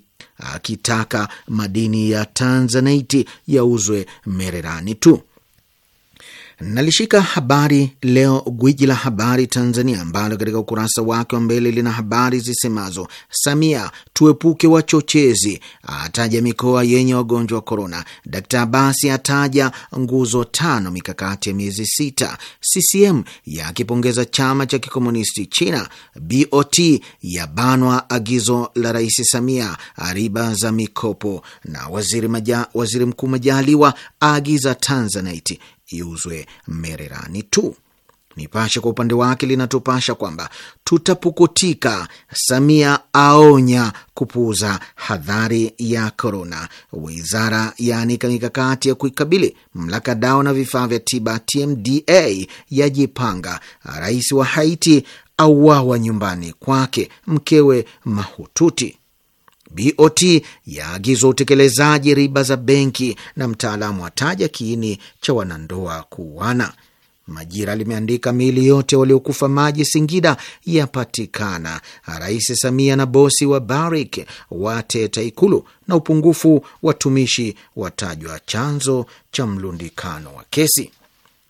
akitaka madini ya tanzanaiti yauzwe mererani tu. Nalishika habari leo, gwiji la habari Tanzania, ambalo katika ukurasa wake wa mbele lina habari zisemazo: Samia, tuepuke wachochezi, ataja mikoa yenye wagonjwa wa korona. Dkt Abasi ataja nguzo tano mikakati ya miezi sita. CCM yakipongeza chama cha kikomunisti China. BOT yabanwa agizo la Rais Samia, riba za mikopo. Na waziri, maja, waziri mkuu Majaliwa aagiza Tanzanite iuzwe Mererani tu. Nipashe kwa upande wake linatupasha kwamba tutapukutika, Samia aonya kupuuza hadhari ya korona, wizara yaanika mikakati ya kuikabili, mamlaka dawa na vifaa vya tiba TMDA yajipanga, rais wa Haiti auawa nyumbani kwake, mkewe mahututi BOT yaagizwa utekelezaji riba za benki, na mtaalamu ataja kiini cha wanandoa kuuana. Majira limeandika miili yote waliokufa maji Singida yapatikana. Rais Samia na bosi wa Barik wateta Ikulu, na upungufu watumishi watajwa chanzo cha mlundikano wa kesi.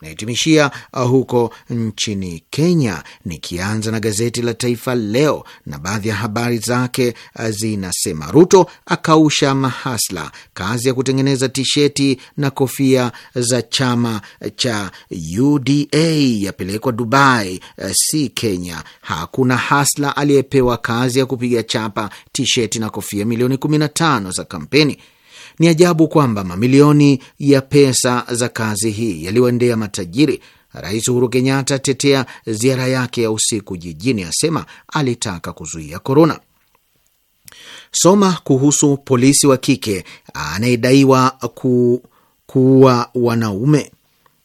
Nahitimishia uh, huko nchini Kenya, nikianza na gazeti la Taifa Leo na baadhi ya habari zake uh, zinasema: Ruto akausha mahasla, kazi ya kutengeneza tisheti na kofia za chama cha UDA yapelekwa Dubai, uh, si Kenya. Hakuna hasla aliyepewa kazi ya kupiga chapa tisheti na kofia milioni 15 za kampeni ni ajabu kwamba mamilioni ya pesa za kazi hii yaliyoendea matajiri. Rais Uhuru Kenyatta atetea ziara yake ya usiku jijini, asema alitaka kuzuia korona. Soma kuhusu polisi wa kike anayedaiwa ku, kuua wanaume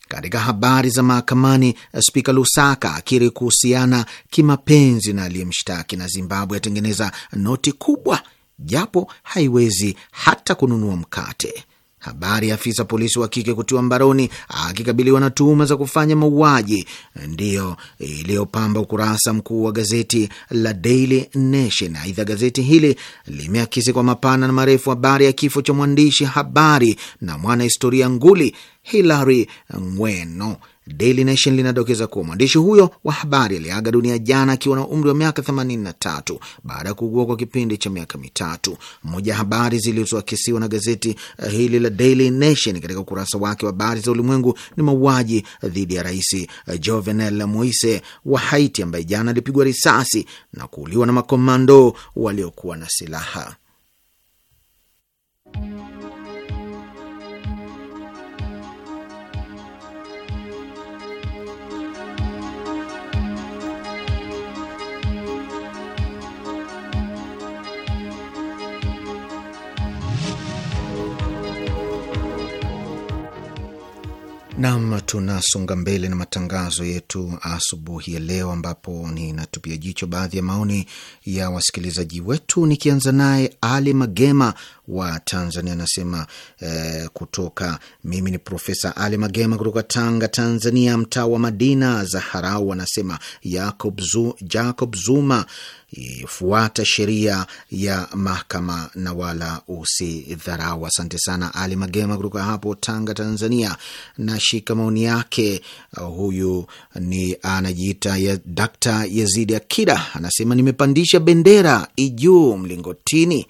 katika habari za mahakamani. Spika Lusaka akiri kuhusiana kimapenzi na aliyemshtaki, na Zimbabwe atengeneza noti kubwa japo haiwezi hata kununua mkate. Habari ya afisa polisi wa kike kutiwa mbaroni akikabiliwa na tuhuma za kufanya mauaji ndiyo iliyopamba ukurasa mkuu wa gazeti la Daily Nation. Aidha, gazeti hili limeakisi kwa mapana na marefu habari ya kifo cha mwandishi habari na mwanahistoria nguli Hilary Ngweno Daily Nation linadokeza kuwa mwandishi huyo wa habari aliaga dunia jana akiwa na umri wa miaka 83 baada ya kuugua kwa kipindi cha miaka mitatu. Moja ya habari zilizoakisiwa na gazeti eh, hili la Daily Nation katika ukurasa wake wa habari za ulimwengu ni mauaji dhidi ya rais eh, Jovenel Moise wa Haiti ambaye jana alipigwa risasi na kuuliwa na makomando waliokuwa na silaha. Nam, tunasonga mbele na matangazo yetu asubuhi ya leo, ambapo ninatupia jicho baadhi ya maoni ya wasikilizaji wetu, nikianza naye Ali Magema wa Tanzania anasema eh, kutoka mimi ni Profesa Ali Magema kutoka Tanga, Tanzania, mtaa wa Madina Zaharau. Anasema Jacob Zuma ifuata sheria ya mahakama na wala usidharau. Asante sana Ali Magema kutoka hapo Tanga, Tanzania. Nashika maoni yake. Huyu ni anajiita ya Dakta Yazidi Akida, anasema nimepandisha bendera ijuu mlingotini.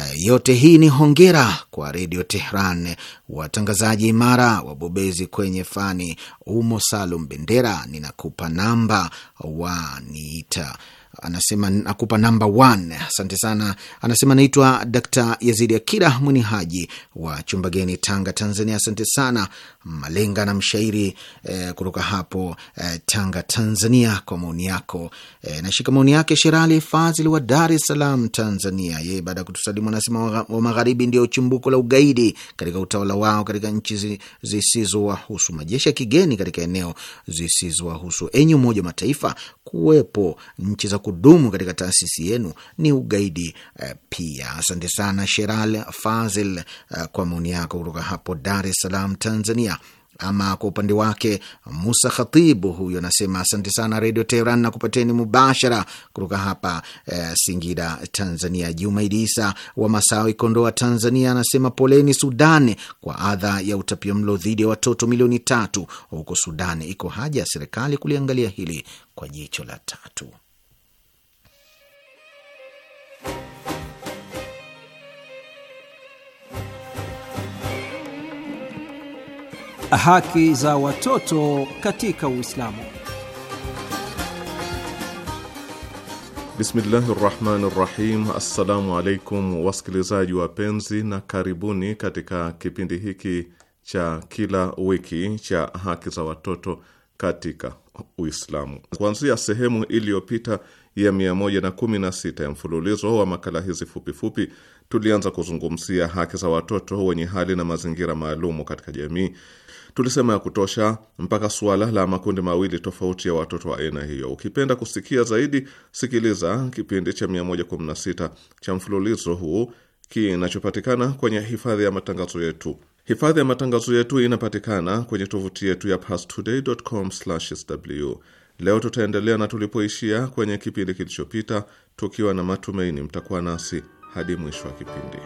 Eh, yote hii ni hongera kwa Redio Tehran, watangazaji imara, wabobezi kwenye fani. Umo Salum Bendera, ninakupa namba, waniita anasema nakupa namba one. Asante sana. Anasema naitwa Dakta Yazidi Akira Mwini Haji wa chumba geni Tanga, Tanzania. Asante sana malenga na mshairi eh, kutoka hapo eh, Tanga, Tanzania, kwa maoni yako eh, nashika maoni yake. Sherali Fazil wa Dar es Salaam, Tanzania, yeye baada ya kutusalimu anasema wa, wa magharibi ndio chimbuko la ugaidi katika utawala wao katika nchi zisizowahusu majeshi ya kigeni katika eneo zisizowahusu. Enyi Umoja wa Mataifa, kuwepo nchi za kudumu katika taasisi yenu ni ugaidi uh, pia. Asante sana Sheral Fazil uh, kwa maoni yako kutoka hapo Dar es Salaam, Tanzania. Ama kwa upande wake Musa Khatibu huyu anasema asante sana Redio Teheran na kupateni mubashara kutoka hapa e, Singida, Tanzania. Jumaidi Isa wa Masawi, Kondoa, Tanzania anasema poleni sudan kwa adha ya utapia mlo dhidi ya watoto milioni tatu huko sudan Iko haja ya serikali kuliangalia hili kwa jicho la tatu. Haki za watoto katika Uislamu. Bismillahi rahmani rahim. Assalamu alaikum wasikilizaji wapenzi, na karibuni katika kipindi hiki cha kila wiki cha haki za watoto katika Uislamu. Kuanzia sehemu iliyopita ya 116 ya mfululizo wa makala hizi fupifupi tulianza kuzungumzia haki za watoto wenye hali na mazingira maalumu katika jamii Tulisema ya kutosha mpaka suala la makundi mawili tofauti ya watoto wa aina hiyo. Ukipenda kusikia zaidi, sikiliza kipindi cha 116 cha mfululizo huu kinachopatikana kwenye hifadhi ya matangazo yetu. Hifadhi ya matangazo yetu inapatikana kwenye tovuti yetu ya pastoday.com/sw. Leo tutaendelea na tulipoishia kwenye kipindi kilichopita, tukiwa na matumaini mtakuwa nasi hadi mwisho wa kipindi.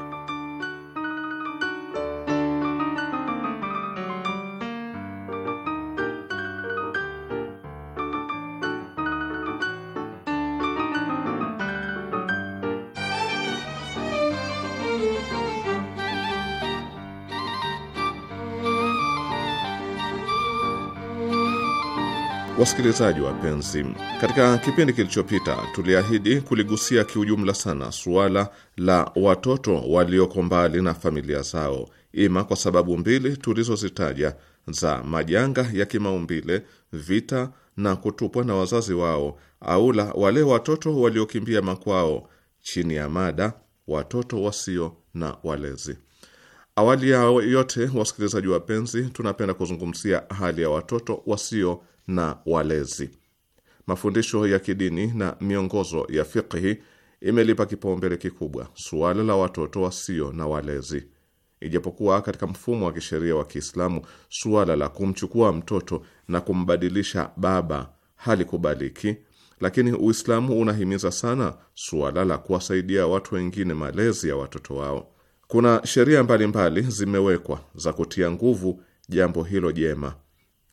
Wasikilizaji wapenzi, katika kipindi kilichopita tuliahidi kuligusia kiujumla sana suala la watoto walioko mbali na familia zao, ima kwa sababu mbili tulizozitaja za majanga ya kimaumbile, vita na kutupwa na wazazi wao, au la wale watoto waliokimbia makwao, chini ya mada watoto wasio na walezi. Awali ya yote, wasikilizaji wapenzi, tunapenda kuzungumzia hali ya watoto wasio na walezi. Mafundisho ya kidini na miongozo ya fiqhi imelipa kipaumbele kikubwa suala la watoto wasio na walezi, ijapokuwa katika mfumo wa kisheria wa Kiislamu suala la kumchukua mtoto na kumbadilisha baba halikubaliki, lakini Uislamu unahimiza sana suala la kuwasaidia watu wengine malezi ya watoto wao. Kuna sheria mbalimbali zimewekwa za kutia nguvu jambo hilo jema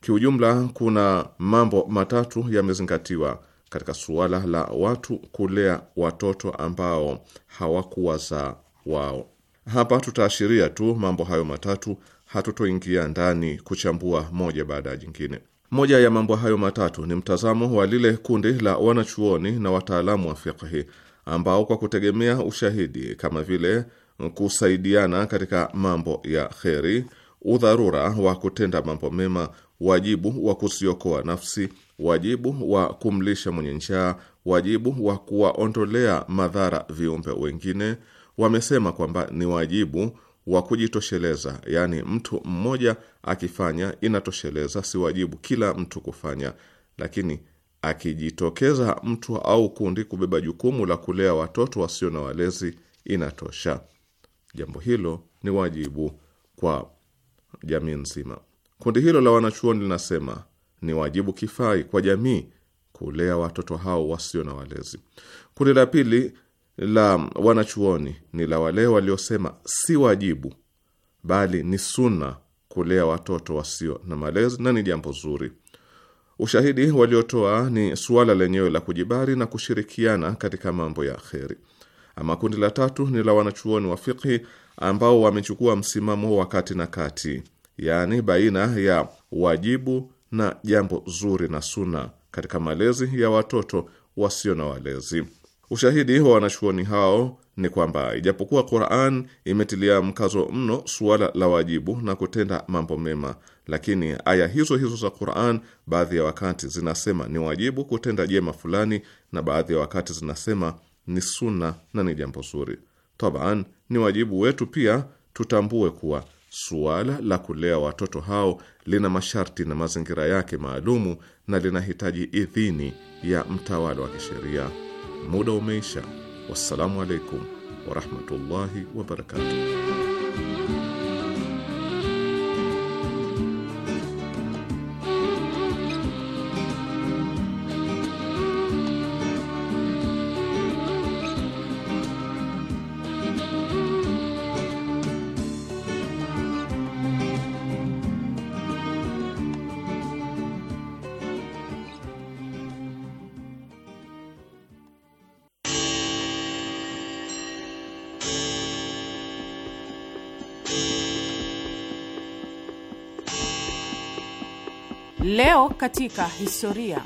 Kiujumla, kuna mambo matatu yamezingatiwa katika suala la watu kulea watoto ambao hawakuwazaa wao. Hapa tutaashiria tu mambo hayo matatu, hatutoingia ndani kuchambua moja baada ya jingine. Moja ya mambo hayo matatu ni mtazamo wa lile kundi la wanachuoni na wataalamu wa fiqhi ambao kwa kutegemea ushahidi kama vile kusaidiana katika mambo ya kheri, udharura wa kutenda mambo mema wajibu wa kusiokoa nafsi, wajibu wa kumlisha mwenye njaa, wajibu wa kuwaondolea madhara viumbe wengine. Wamesema kwamba ni wajibu wa kujitosheleza, yaani mtu mmoja akifanya inatosheleza, si wajibu kila mtu kufanya. Lakini akijitokeza mtu au kundi kubeba jukumu la kulea watoto wasio na walezi, inatosha. Jambo hilo ni wajibu kwa jamii nzima. Kundi hilo la wanachuoni linasema ni wajibu kifai kwa jamii kulea watoto hao wasio na walezi. Kundi la pili la wanachuoni ni la wale waliosema si wajibu bali ni suna kulea watoto wasio na malezi na ni jambo zuri. Ushahidi waliotoa ni suala lenyewe la kujibari na kushirikiana katika mambo ya kheri. Ama kundi la tatu ni la wanachuoni wa fiqhi ambao wamechukua msimamo wa kati na kati yaani baina ya wajibu na jambo zuri na suna katika malezi ya watoto wasio na walezi. Ushahidi wa wanachuoni hao ni kwamba ijapokuwa Qur'an imetilia mkazo mno suala la wajibu na kutenda mambo mema, lakini aya hizo hizo za Qur'an baadhi ya wakati zinasema ni wajibu kutenda jema fulani, na baadhi ya wakati zinasema ni suna na ni jambo zuri. Taban, ni wajibu wetu pia tutambue kuwa suala la kulea watoto hao lina masharti na mazingira yake maalumu na linahitaji idhini ya mtawala wa kisheria. Muda umeisha. Wassalamu alaikum warahmatullahi wabarakatuh. katika historia.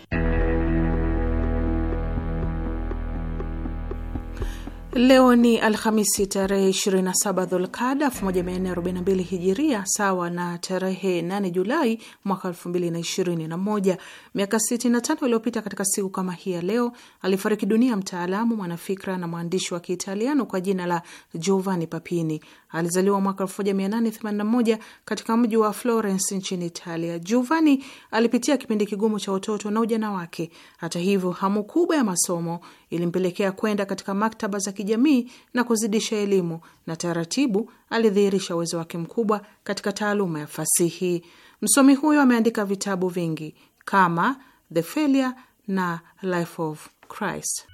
Leo ni Alhamisi tarehe 27 Dhulkada 1442 Hijiria, sawa na tarehe 8 Julai mwaka 2021. Miaka 65 iliyopita katika siku kama hii ya leo alifariki dunia mtaalamu, mwanafikra na mwandishi wa Kiitaliano kwa jina la Giovanni Papini. Alizaliwa mwaka 1881 katika mji wa Florence nchini Italia. Giovanni alipitia kipindi kigumu cha utoto na ujana wake. Hata hivyo, hamu kubwa ya masomo ilimpelekea kwenda katika maktaba za kijamii na kuzidisha elimu, na taratibu alidhihirisha uwezo wake mkubwa katika taaluma ya fasihi. Msomi huyo ameandika vitabu vingi kama The Failure na Life of Christ.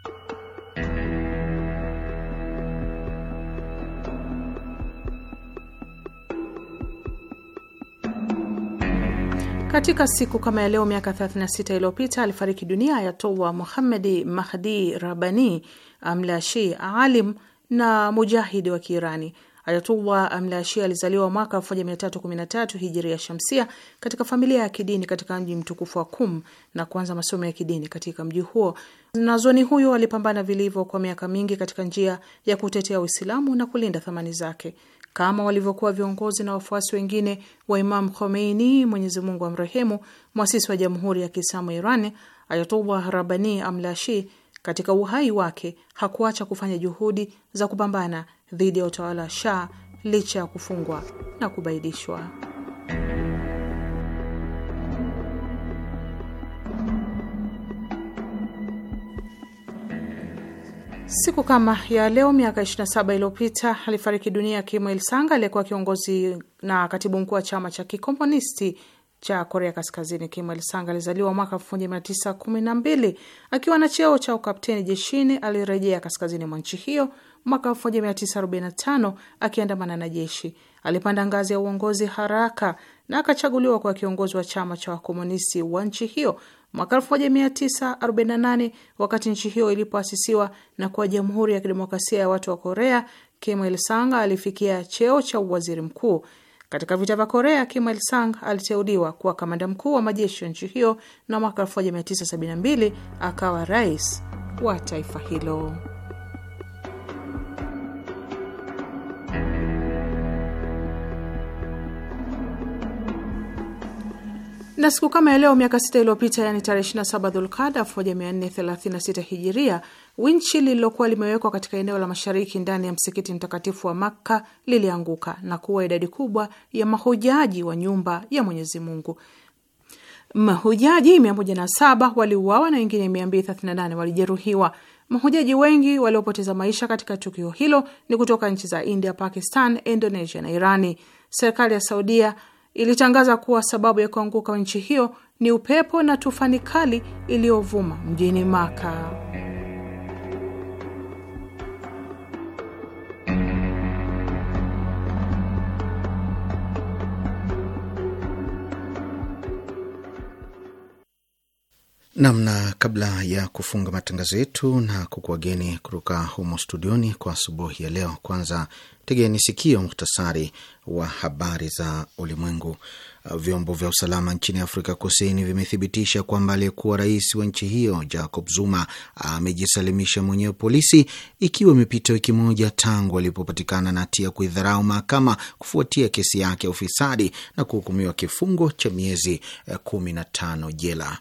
Katika siku kama ya leo miaka 36 iliyopita alifariki dunia Ayatollah Muhammadi Mahdi Rabani Amlashi, alim na mujahidi wa Kiirani. Ayatullah Amlashi alizaliwa mwaka 1313 hijiri ya shamsia katika familia ya kidini katika mji mtukufu wa Kum na kuanza masomo ya kidini katika mji huo. Nazoni huyo alipambana vilivyo kwa miaka mingi katika njia ya kutetea Uislamu na kulinda thamani zake kama walivyokuwa viongozi na wafuasi wengine wa Imam Khomeini, Mwenyezi Mungu amrehemu, mwasisi wa Jamhuri ya Kiislamu Iran, Ayatullah Rabani Amlashi katika uhai wake hakuacha kufanya juhudi za kupambana dhidi ya utawala wa Shah licha ya kufungwa na kubaidishwa. Siku kama ya leo miaka 27 iliyopita alifariki dunia Kim Il sanga aliyekuwa kiongozi na katibu mkuu wa chama cha kikomunisti cha Korea Kaskazini. kimwel Il alizaliwa mwaka 1912. Akiwa na cheo cha ukapteni jeshini, alirejea kaskazini mwa nchi hiyo mwaka 1945 akiandamana na jeshi. Alipanda ngazi ya uongozi haraka na akachaguliwa kwa kiongozi wa chama cha wakomunisti wa nchi hiyo mwaka 1948 wakati nchi hiyo ilipoasisiwa na kuwa Jamhuri ya Kidemokrasia ya Watu wa Korea. Kim Il Sung alifikia cheo cha uwaziri mkuu. Katika vita vya Korea, Kim Il Sung aliteuliwa kuwa kamanda mkuu wa majeshi ya nchi hiyo na mwaka 1972 akawa rais wa taifa hilo. Na siku kama ya leo miaka sita iliyopita, yani tarehe 27 Dhulkada 1436 Hijiria, winchi lililokuwa limewekwa katika eneo la mashariki ndani ya msikiti mtakatifu wa Makka lilianguka na kuwa idadi kubwa ya mahujaji wa nyumba ya Mwenyezi Mungu. Mahujaji 107 waliuawa na wengine 238 walijeruhiwa. Mahujaji wengi waliopoteza maisha katika tukio hilo ni kutoka nchi za India, Pakistan, Indonesia na Irani. Serikali ya Saudia ilitangaza kuwa sababu ya kuanguka nchi hiyo ni upepo na tufani kali iliyovuma mjini Maka. namna kabla ya kufunga matangazo yetu na kukuwageni kutoka humo studioni kwa asubuhi ya leo, kwanza tegeni sikio muhtasari wa habari za ulimwengu. Vyombo vya usalama nchini Afrika Kusini vimethibitisha kwamba aliyekuwa rais wa nchi hiyo Jacob Zuma amejisalimisha mwenyewe polisi, ikiwa imepita wiki moja tangu alipopatikana na hatia kuidharau mahakama kufuatia kesi yake ya ufisadi na kuhukumiwa kifungo cha miezi eh, kumi na tano jela.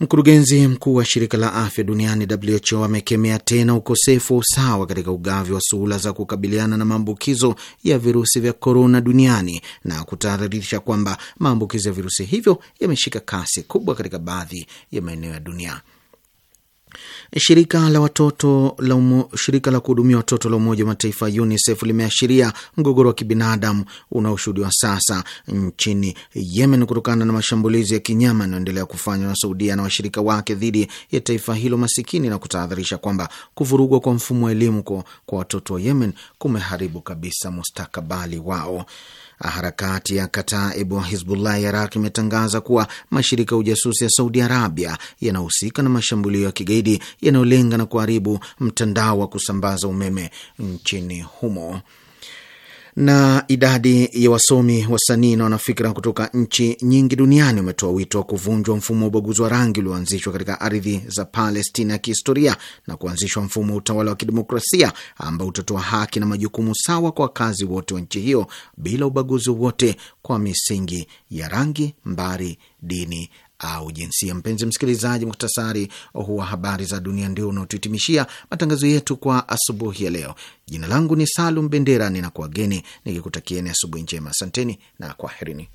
Mkurugenzi mkuu wa shirika la afya duniani WHO amekemea tena ukosefu wa usawa katika ugavi wa suhula za kukabiliana na maambukizo ya virusi vya korona duniani na kutahadharisha kwamba maambukizo ya virusi hivyo yameshika kasi kubwa katika baadhi ya maeneo ya dunia. Shirika la watoto la umo, shirika la kuhudumia watoto la Umoja wa Mataifa UNICEF limeashiria mgogoro wa kibinadamu unaoshuhudiwa sasa nchini Yemen kutokana na mashambulizi ya kinyama yanayoendelea kufanywa na Saudia na washirika wake dhidi ya taifa hilo masikini na kutahadharisha kwamba kuvurugwa kwa mfumo wa elimu kwa, kwa watoto wa Yemen kumeharibu kabisa mustakabali wao. Harakati ya Kataibu Hizbullah ya Iraq imetangaza kuwa mashirika ya ujasusi ya Saudi Arabia yanahusika na mashambulio ya kigaidi yanayolenga na kuharibu mtandao wa kusambaza umeme nchini humo. Na idadi ya wasomi, wasanii na wanafikira kutoka nchi nyingi duniani umetoa wito wa kuvunjwa mfumo wa ubaguzi wa rangi ulioanzishwa katika ardhi za Palestina ya kihistoria na kuanzishwa mfumo wa utawala wa kidemokrasia ambao utatoa haki na majukumu sawa kwa wakazi wote wa nchi hiyo bila ubaguzi wowote kwa misingi ya rangi, mbari, dini au jinsia. Mpenzi msikilizaji, muktasari huwa wa habari za dunia ndio unaotuhitimishia matangazo yetu kwa asubuhi ya leo. Jina langu ni Salum Bendera, ninakuwageni nikikutakieni asubuhi njema. Asanteni na kwaherini.